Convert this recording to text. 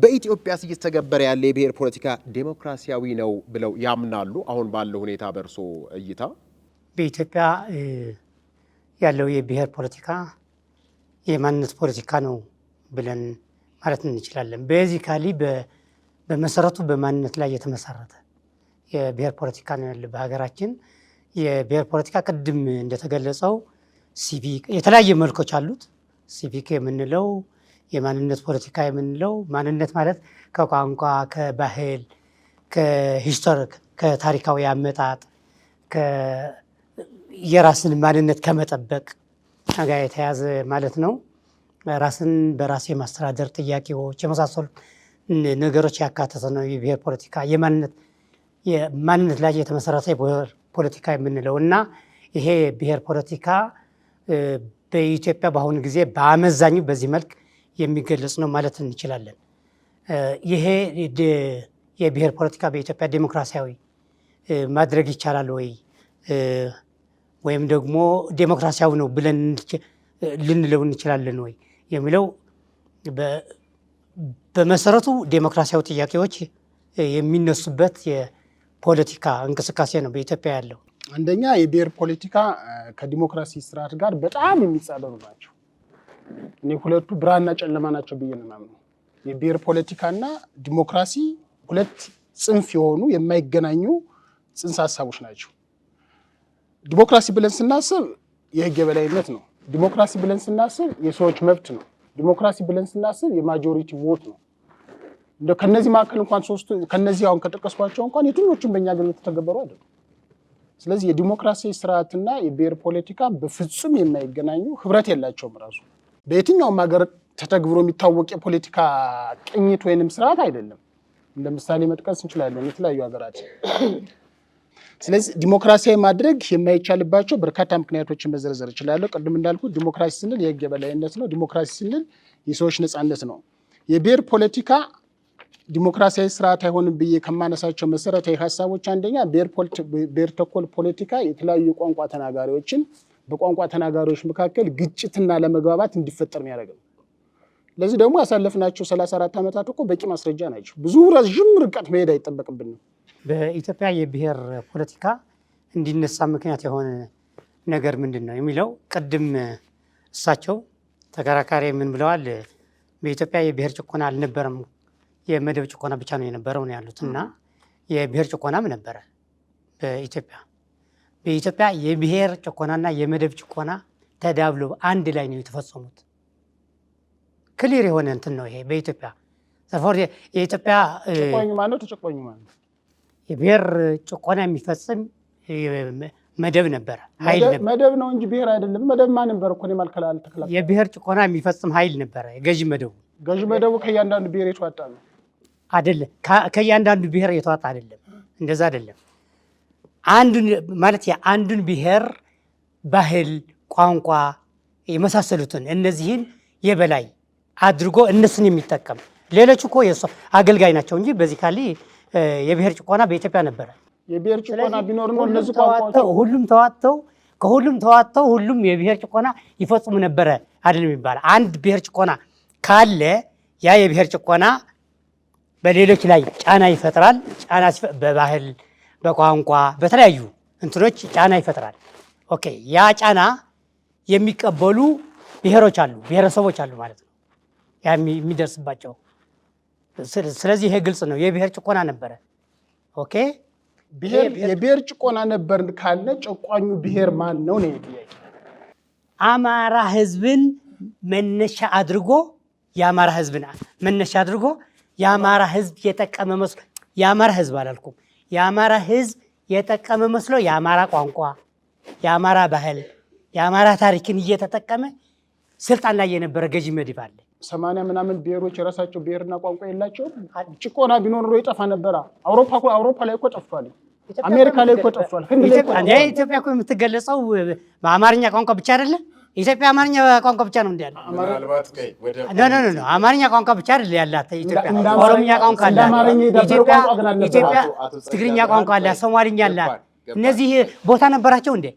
ስ እየተገበረ ያለ የብሔር ፖለቲካ ዴሞክራሲያዊ ነው ብለው ያምናሉ? አሁን ባለው ሁኔታ በእርሶ እይታ በኢትዮጵያ ያለው የብሔር ፖለቲካ የማንነት ፖለቲካ ነው ብለን ማለት እንችላለን። ቤዚካሊ በመሰረቱ በማንነት ላይ የተመሰረተ የብሔር ፖለቲካ ነው ያለ በሀገራችን። የብሔር ፖለቲካ ቅድም እንደተገለጸው ሲቪክ የተለያየ መልኮች አሉት። ሲቪክ የምንለው የማንነት ፖለቲካ የምንለው ማንነት ማለት ከቋንቋ፣ ከባህል፣ ከሂስቶሪክ ከታሪካዊ አመጣጥ የራስን ማንነት ከመጠበቅ ጋር የተያዘ ማለት ነው። ራስን በራስ የማስተዳደር ጥያቄዎች የመሳሰሉ ነገሮች ያካተተ ነው። የብሔር ፖለቲካ ማንነት ላይ የተመሰረተ ፖለቲካ የምንለው እና ይሄ ብሔር ፖለቲካ በኢትዮጵያ በአሁኑ ጊዜ በአመዛኙ በዚህ መልክ የሚገለጽ ነው ማለት እንችላለን። ይሄ የብሔር ፖለቲካ በኢትዮጵያ ዴሞክራሲያዊ ማድረግ ይቻላል ወይ ወይም ደግሞ ዴሞክራሲያዊ ነው ብለን ልንለው እንችላለን ወይ የሚለው በመሰረቱ ዴሞክራሲያዊ ጥያቄዎች የሚነሱበት የፖለቲካ እንቅስቃሴ ነው በኢትዮጵያ ያለው። አንደኛ የብሔር ፖለቲካ ከዲሞክራሲ ስርዓት ጋር በጣም የሚጻረሩ ናቸው። እኔ ሁለቱ ብርሃንና ጨለማ ናቸው ብዬ ነው የማምነው። የብሔር ፖለቲካና ዲሞክራሲ ሁለት ጽንፍ የሆኑ የማይገናኙ ጽንሰ ሀሳቦች ናቸው። ዲሞክራሲ ብለን ስናስብ የህግ የበላይነት ነው። ዲሞክራሲ ብለን ስናስብ የሰዎች መብት ነው። ዲሞክራሲ ብለን ስናስብ የማጆሪቲ ቮት ነው። ከነዚህ መካከል እንኳን ሶስቱ ከነዚህ አሁን ከጠቀስኳቸው እንኳን የትኞቹም በእኛ ገር የተተገበሩ አይደሉም። ስለዚህ የዲሞክራሲ ስርዓትና የብሔር ፖለቲካ በፍጹም የማይገናኙ ህብረት የላቸውም ራሱ በየትኛውም ሀገር ተተግብሮ የሚታወቅ የፖለቲካ ቅኝት ወይንም ስርዓት አይደለም። እንደ ምሳሌ መጥቀስ እንችላለን የተለያዩ ሀገራት። ስለዚህ ዲሞክራሲያዊ ማድረግ የማይቻልባቸው በርካታ ምክንያቶችን መዘርዘር እችላለሁ። ቅድም እንዳልኩ ዲሞክራሲ ስንል የህግ የበላይነት ነው። ዲሞክራሲ ስንል የሰዎች ነፃነት ነው። የብሔር ፖለቲካ ዲሞክራሲያዊ ስርዓት አይሆንም ብዬ ከማነሳቸው መሰረታዊ ሀሳቦች አንደኛ ብሔር ተኮር ፖለቲካ የተለያዩ ቋንቋ ተናጋሪዎችን በቋንቋ ተናጋሪዎች መካከል ግጭትና ለመግባባት እንዲፈጠር የሚያደርግ ነው። ለዚህ ደግሞ ያሳለፍናቸው 34 ዓመታት እኮ በቂ ማስረጃ ናቸው። ብዙ ረዥም ርቀት መሄድ አይጠበቅብንም። በኢትዮጵያ የብሔር ፖለቲካ እንዲነሳ ምክንያት የሆነ ነገር ምንድን ነው የሚለው ቅድም እሳቸው ተከራካሪ ምን ብለዋል? በኢትዮጵያ የብሔር ጭቆና አልነበረም፣ የመደብ ጭቆና ብቻ ነው የነበረው ነው ያሉት እና የብሔር ጭቆናም ነበረ በኢትዮጵያ በኢትዮጵያ የብሔር ጭቆናና የመደብ ጭቆና ተዳብሎ አንድ ላይ ነው የተፈጸሙት። ክሊር የሆነ እንትን ነው ይሄ በኢትዮጵያ የኢትዮጵያ የብሔር ጭቆና የሚፈጽም መደብ ነበረ። መደብ ነው እንጂ ብሔር አይደለም። መደብ ማ ነበር እኮ የብሔር ጭቆና የሚፈጽም ኃይል ነበረ። ገዥ መደቡ ገዥ መደቡ ከእያንዳንዱ ብሔር የተዋጣ ነው አይደለም። ከእያንዳንዱ ብሔር የተዋጣ አደለም። እንደዛ አደለም። አንዱን ማለት የአንዱን ብሔር ባህል፣ ቋንቋ የመሳሰሉትን እነዚህን የበላይ አድርጎ እነሱን የሚጠቀም ሌሎች እኮ የእሱ አገልጋይ ናቸው እንጂ በዚህ ካሊ የብሔር ጭቆና በኢትዮጵያ ነበረ። የብሔር ጭቆና ቢኖር ነው እነዚህ ቋንቋ ሁሉም ተዋተው ከሁሉም ተዋተው ሁሉም የብሔር ጭቆና ይፈጽሙ ነበረ አይደል የሚባል አንድ ብሔር ጭቆና ካለ ያ የብሔር ጭቆና በሌሎች ላይ ጫና ይፈጥራል። ጫና በባህል በቋንቋ በተለያዩ እንትኖች ጫና ይፈጥራል። ኦኬ ያ ጫና የሚቀበሉ ብሔሮች አሉ፣ ብሔረሰቦች አሉ ማለት ነው ያ የሚደርስባቸው። ስለዚህ ይሄ ግልጽ ነው፣ የብሔር ጭቆና ነበረ። ኦኬ የብሔር ጭቆና ነበር ካለ ጨቋኙ ብሔር ማን ነው ነው ጥያቄ። አማራ ህዝብን መነሻ አድርጎ የአማራ ህዝብን መነሻ አድርጎ የአማራ ህዝብ የጠቀመ መስሎ የአማራ ህዝብ አላልኩም የአማራ ህዝብ የጠቀመ መስሎ የአማራ ቋንቋ፣ የአማራ ባህል፣ የአማራ ታሪክን እየተጠቀመ ስልጣን ላይ የነበረ ገዢ መድብ አለ። ሰማንያ ምናምን ብሔሮች የራሳቸው ብሔርና ቋንቋ የላቸውም። ጭቆና ቢኖር ኖሮ ይጠፋ ነበራ። አውሮፓ ላይ እኮ ጠፍቷል። አሜሪካ ላይ እኮ ጠፍቷል። ኢትዮጵያ እኮ የምትገለጸው በአማርኛ ቋንቋ ብቻ አይደለም። ኢትዮጵያ አማርኛ ቋንቋ ብቻ ነው አማርኛ ቋንቋ ብቻ አይደል ያላት ኢትዮጵያ። ኦሮምኛ ቋንቋ አላት ኢትዮጵያ፣ ትግርኛ ቋንቋ ሶማሊኛ እነዚህ ቦታ ነበራቸው እንዴ?